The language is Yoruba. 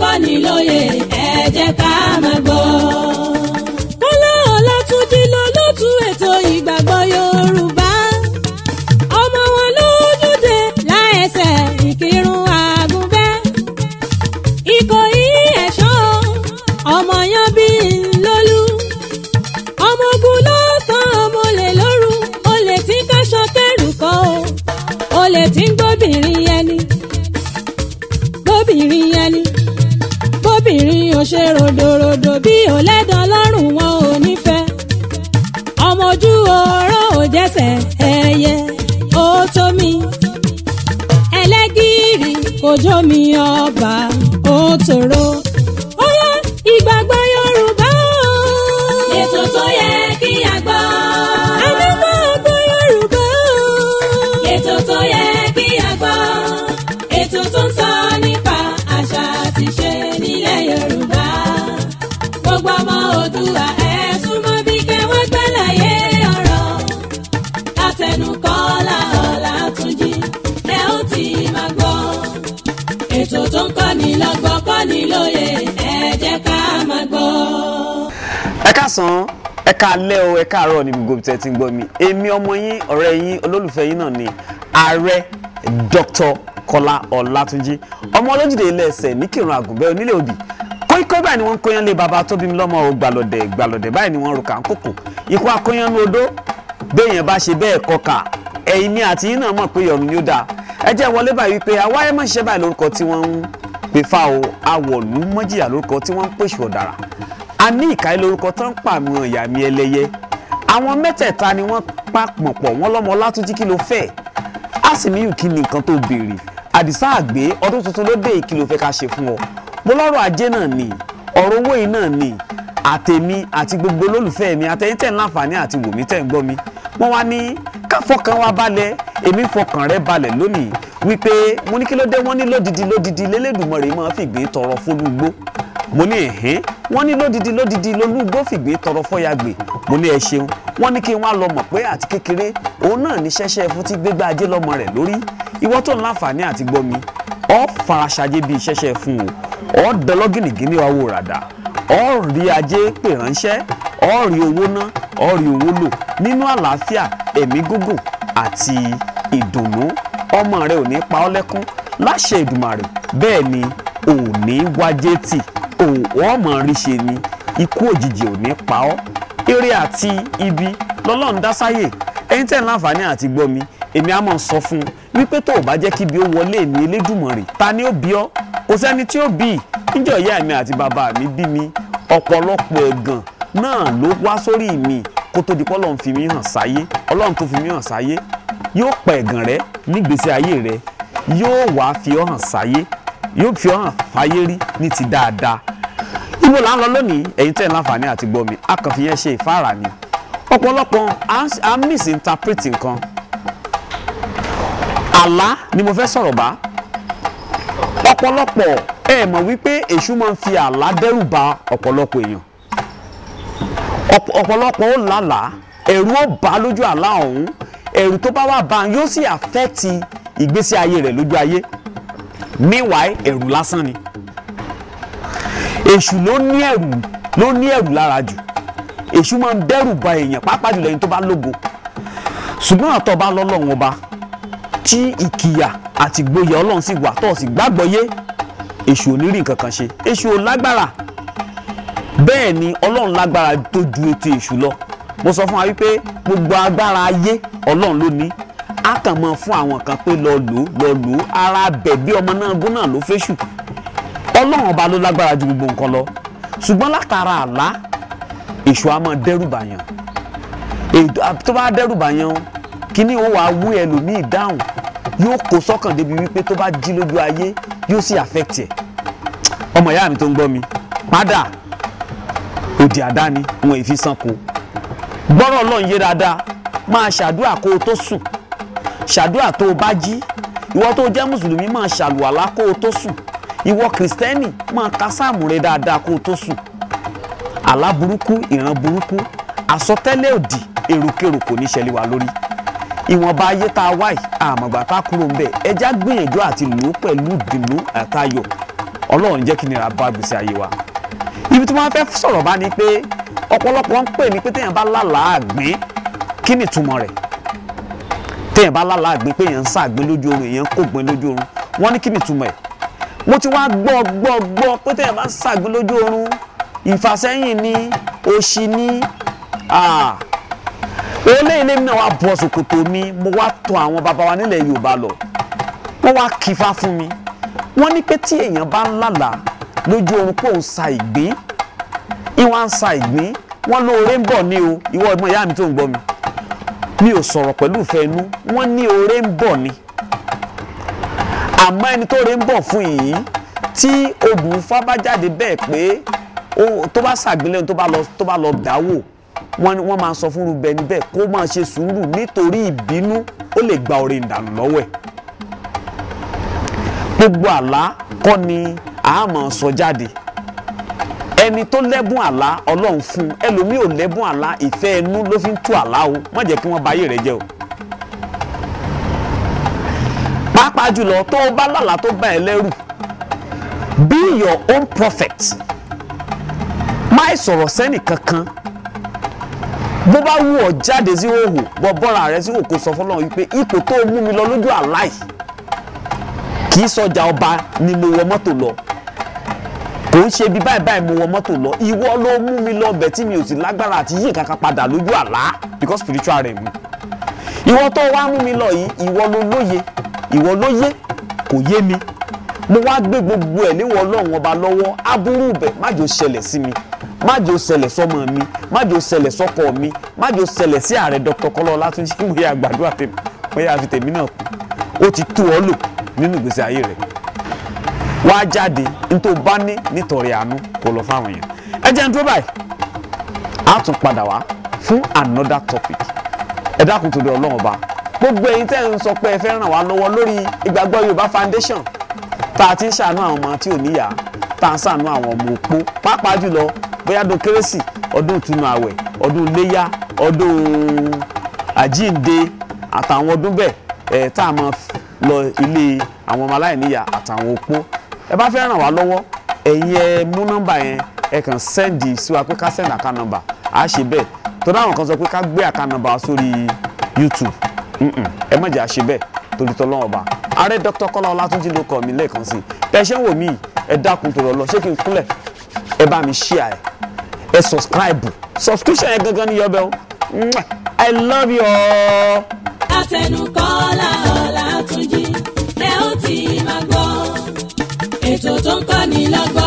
kọ́ni lóye ẹ ká máa gbọ́. ṣe ròdòròdò bí ọ̀lẹ́dàn lọ́rùn wọn ò nífẹ̀ẹ́ ọmọ ojú ọ̀rọ̀ ò jẹ́sẹ̀ ẹyẹ ó tó mi ẹlẹ́gìrì kò jó mi ọba ó tòró. kásán ẹ káalẹ́ o ẹ káàárọ̀ ní gbogbo tẹ́ ti ń gbọ́ mi èmi ọmọ yín ọ̀rẹ́ yín olólùfẹ́ yín náà ni ààrẹ Dr. Kọ́lá Ọlátúnjí ọmọ olójúde ilé ẹsẹ̀ ní kírun àgùnbẹ́ onílé òbí kóíkó báyìí ni wọ́n ń kóyán lé baba tó bí mi lọ́mọ o gbàlódé gbàlódé báyìí ni wọ́n rùkà ń kòkò ikú akóyán ní odó béèyàn bá ṣe bẹ́ẹ̀ kọkà ẹ̀yin ni àti yín náà mọ̀ pé yọ̀run ni ó dáa ẹ jẹ́ wọlé báyìí wípé àwa ẹ má ṣiṣẹ́ báyìí lórúkọ tí wọ́n ń pè fá o lórúkọ tí wọ́n ń pèsè ọ̀dàrà a ní ìkàyé lórúkọ tó ń pa àwọn ìyá mi ẹlẹ́yẹ àwọn mẹ́tẹ̀ẹ̀ta ni wọ́n papọ̀ pọ̀ wọ́n lọ́mọ látúnjí kí ló fẹ́ á sì ní ìkí ni nǹkan tó béèrè àdìsá àgbé ọdún tuntun ló dé ìkí ló fẹ́ ká ṣe fún ọ mo lọ́rọ̀ ajé náà ni ọ̀rọ̀ owó yìí náà ni àtèmi àti gbogbo olólùfẹ́ mi àtẹ̀yìntẹ̀ ńláǹfààní àti wòmí tẹ̀ ń gbọ́ mi wọ́n wá ní ká fọkàn wa balẹ̀ èmi fọkàn rẹ balẹ̀ lónìí wípé mo ní kí ló dé wọ́n ní lódìdí lódìdí lélẹ́dùnmọ̀rẹ́ máa fìgbín tọrọ fólúgbó mo ní ẹ̀hẹ́n wọ́n ní lódìdí lódìdí lolúgbófìgbé tọrọ fọyàgbé mo ní ẹ ṣeun wọ́n ní kí n wá lọ mọ̀ pé àti kékeré òun náà ní ṣẹ́ṣẹ́ fún ti gbégbá ajé lọ́mọ rẹ̀ lórí ìwọ tó ń láǹfààní àti gbọ́ mi ọ faraṣajé bíi ṣẹ́ṣẹ́ fún o ọ dọlọ́gìnìgìnì àwo ràdà ọ rí ajé pè ránṣẹ́ ọ rí owó ná ọ rí owó lò nínú àlàáfíà ẹ̀mí gúngùn àti ìdùnnú ọmọ rẹ ò ní pa ọ́ lẹ́kún láṣẹ Èdùmàrè bẹ́ẹ̀ ni ò ní tì òun ọmọ rí ni ikú òjijì ò ní pa ọ́ eré àti ibi lọ́lọ́run dá sáyè ẹ̀yin tẹ́ ń láǹfààní àti gbọ́ mi èmi á mọ̀ sọ fún un wípé tó o bá jẹ́ kíbi ó wọlé mi Elédùmarè ta ni ó bí ọ́ kò sẹ́ni tí ó bí i níjọ́ ìyá mi àti bàbá mi bí mi ọ̀pọ̀lọpọ̀ ẹ̀gàn náà ló wá sórí mi kó tó di pé ọlọ́run fi mí hàn sáyé ọlọ́run tó fi mí hàn sáyé yóò pa ẹ̀gàn rẹ nígbésí ayé rẹ yóò wá fi ọ́ hàn sáyé yóò fi ọ́ hàn fáyé rí ní ti dáadáa ibo là ń lọ lónìí ẹ̀yin tẹ́ ẹ̀ láǹfààní àti gbọ́ mi ṣe ìfáàrà ni ọ̀pọ̀lọpọ̀ à ń misinterpret nǹkan àlá ni mo fẹ́ sọ̀rọ̀ bá ọ̀pọ̀lọpọ̀ ẹ mọ̀ wípé èṣù máa ń fi àlá dẹ́rù ba ọ̀pọ̀lọpọ̀ èèyàn ọ̀pọ̀lọpọ̀ ó lálàá ẹ̀rù ó bá lójú àlá ọ̀hún ẹ̀rù tó bá wà bá yóò sì àfẹ́ẹ̀tì ìgbésí ayé rẹ̀ lójú ayé meanwhile ẹ̀rù lásán ni èṣù ló ní ẹ̀rù ló ní ẹ̀rù lára jù èṣù máa ń dẹ́rù ba èèyàn pàápàá jùlọ ẹni tó bá lógo ṣùgbọ́n àtọ́ bá lọ́lọ́run ọba tí ìkìyà àti gboyè ọlọ́run sì wà tó sì gbàgbọ́ yé èṣù ò ní rí nǹkan kan ṣe èṣù ò lágbára bẹ́ẹ̀ ni ọlọ́run lágbára tó ju ètò èṣù lọ mo sọ fún wa wípé gbogbo agbára ayé ọlọ́run ló ní á kàn mọ́ fún àwọn kan pé lọ lò lọ lò ara bẹ̀ bí ọmọ náà gún náà ló fẹ́ṣù ọlọ́run ọba ló lágbára ju gbogbo nǹkan lọ ṣùgbọ́n látara àlá èṣù á máa dẹ́rùbà yàn tó bá dẹ́rùbà yàn kíní ó wàá wú ẹlòmíì dáhùn yóò kó sọ́kàn débi wípé tó bá jí lójú ayé yóò sì affect ẹ̀ ọmọ ìyá mi tó ń gbọ́ mi padà òdì àdáni wọn èfi sanko gbọ́rọ̀ ọlọ́run yé dáadáa máa ṣàdúrà kó o tó sùn ṣàdúrà tó o bá jí ìwọ tó jẹ́ mùsùlùmí máa ṣàlùwàlá kó o tó sùn ìwọ kìrìsìtẹ́nì máa ka sáàmù rẹ dáadáa kó o tó sùn àlá burúkú ìran burúkú àsọtẹ́lẹ̀ òdì èròkèrò kò ní ṣẹlẹ̀ wá lórí ìwọ̀nba ayé tá a wá yìí àmọ̀gbà tá a kúrò ń bẹ̀ ẹja gbìyànjú àti lò ó pẹ̀lú ìdùnnú àtayọ̀ ọlọ́run jẹ́ kí nira bá gbèsè ayé wa ibi tí wọ́n fẹ́ sọ̀rọ̀ bá ni pé ọ̀pọ̀lọpọ̀ ń pè ní pé téèyàn bá lálàá àgbín kí ni ìtumọ̀ rẹ̀ téèyàn bá lálàá àgbín pé èèyàn ń sàgbín lójú oorun èèyàn ń kógbín lójú oorun wọ́n ní kí ni ìtumọ̀ ẹ̀ mo ti wá gbọ́ gbọ́ gbọ́ pé tẹ́yàn bá ṣàgbé lójú oorun ìfàsẹ́yìn ni òṣì ni olé ilé mi náà wá bọ́ ṣòkòtò mi mo wá tọ̀ àwọn bàbá wa nílẹ̀ Yorùbá lọ wọ́n wá kífá fún mi wọ́n ní pé tí èèyàn bá ń lálàá lójú oorun kó ń sa ìgbín ìwà ń sa ìgbín wọ́n lóore ń bọ̀ ní o ìwọ ọgbọ́n ìyá mi tó ń gbọ́ mi mi ò sọ̀rọ̀ pẹ̀lú ìfẹ́ inú wọ́n ní oore ń bọ̀ ni àmọ́ ẹni tó rè ń bọ̀ fún yìí tí ogun Ifá bá jáde bẹ́ẹ̀ pé tó bá ṣàgbélẹ̀hùn tó bá lọ dáwò wọ́n máa sọ fún rúbẹ níbẹ̀ kó máa ṣe sùúrù nítorí ìbínú ó lè gba oore ìdànù lọ́wọ́ ẹ̀ gbogbo àlá kọ́ ni a máa sọ jáde ẹni tó lẹ́bùn àlá ọlọ́run fún ẹlòmíì ò lẹ́bùn àlá ìfẹ́ ẹnu ló fi ń tú àlá o má jẹ́ kí wọ́n bà ayé rẹ̀ jẹ́ o. pàápàá jùlọ tó o bá lálàá tó bá ẹ lẹ́rù be your own prophet má ì sọ̀rọ̀ sẹ́nì kankan bó bá wù ọ́ jáde sí òhò bọ́ bọ́ra rẹ sí òhò kó sọ fọlọ́run wípé ipò tó o mú mi lọ lójú àláì kì í sọjà ọba ni mo wọ mọ́tò lọ kò ń ṣe bí báyìí báyìí mo wọ mọ́tò lọ ìwọ ló mú mi lọ bẹ̀ tí mi ò sì lágbára àti yí kankan padà lójú àlá because spiritual rẹ̀ mi ìwọ tó wá mú mi lọ yìí ìwọ ló lóye ìwọ ló yé kò yé mi mo wá gbé gbogbo ẹ̀ léwọ ọlọ́run ọba lọ́wọ́ aburú bẹ̀ má jò sí mi má jò ṣẹlẹ̀ sọmọ mi má jò ṣẹlẹ̀ sọkọ mi má jò ṣẹlẹ̀ sí ààrẹ Dr. kọlọ Ọlátúnjí mo yà gbàdúrà tèmi mo tèmi náà ti tú ọ lò nínú ìgbésí ayé rẹ wá jáde nítorí bá ní nítorí àánú lọ fáwọn èèyàn ẹ fún another topic ẹ dákun gbogbo ẹ̀yin tẹ́ ń sọ pé ẹ fẹ́ ràn wá lọ́wọ́ lórí ìgbàgbọ́ Yorùbá Foundation tá a ti ń ṣàánú àwọn ọmọ tí ò níyà tá a ń ṣàánú àwọn ọmọ òpó pàápàá jùlọ bóyá ọdún kérésì ọdún ìtúnu àwẹ̀ ọdún iléyá ọdún àjíǹde àtàwọn ọdún bẹ́ẹ̀ ẹ̀ tá a máa lọ ilé àwọn ọmọ aláìníyà àtàwọn òpó ẹ bá fẹ́ ràn wá lọ́wọ́ ẹ̀yin ẹ mú nọ́mbà yẹn ẹ kàn sẹ́ndì sí wa pé ká sẹ́ndì àká nọ́mbà à á ṣe bẹ́ẹ̀ tó dáhùn kan sọ pé ká gbé àká nọ́mbà sórí YouTube ẹ má jẹ́ àṣe bẹ́ẹ̀ torí tọ́lọ́wọ́n ọba ààrẹ dr kọ́lá ọlátúnjí ló kọ́ mi lẹ́ẹ̀kan sí i tẹ̀sẹ̀ wò mí ẹ dákun tó rọ lọ ṣé kí n kúnlẹ̀ ẹ bá mi ṣíà ẹ ẹ sọ̀scribe subscription yẹn gangan ní yọbẹ o i love you all. àtẹnukọ́lá ọlátúnjí ẹ ó ti máa gbọ́ ètò tó ń kọ́ni lọ́gbọ́n.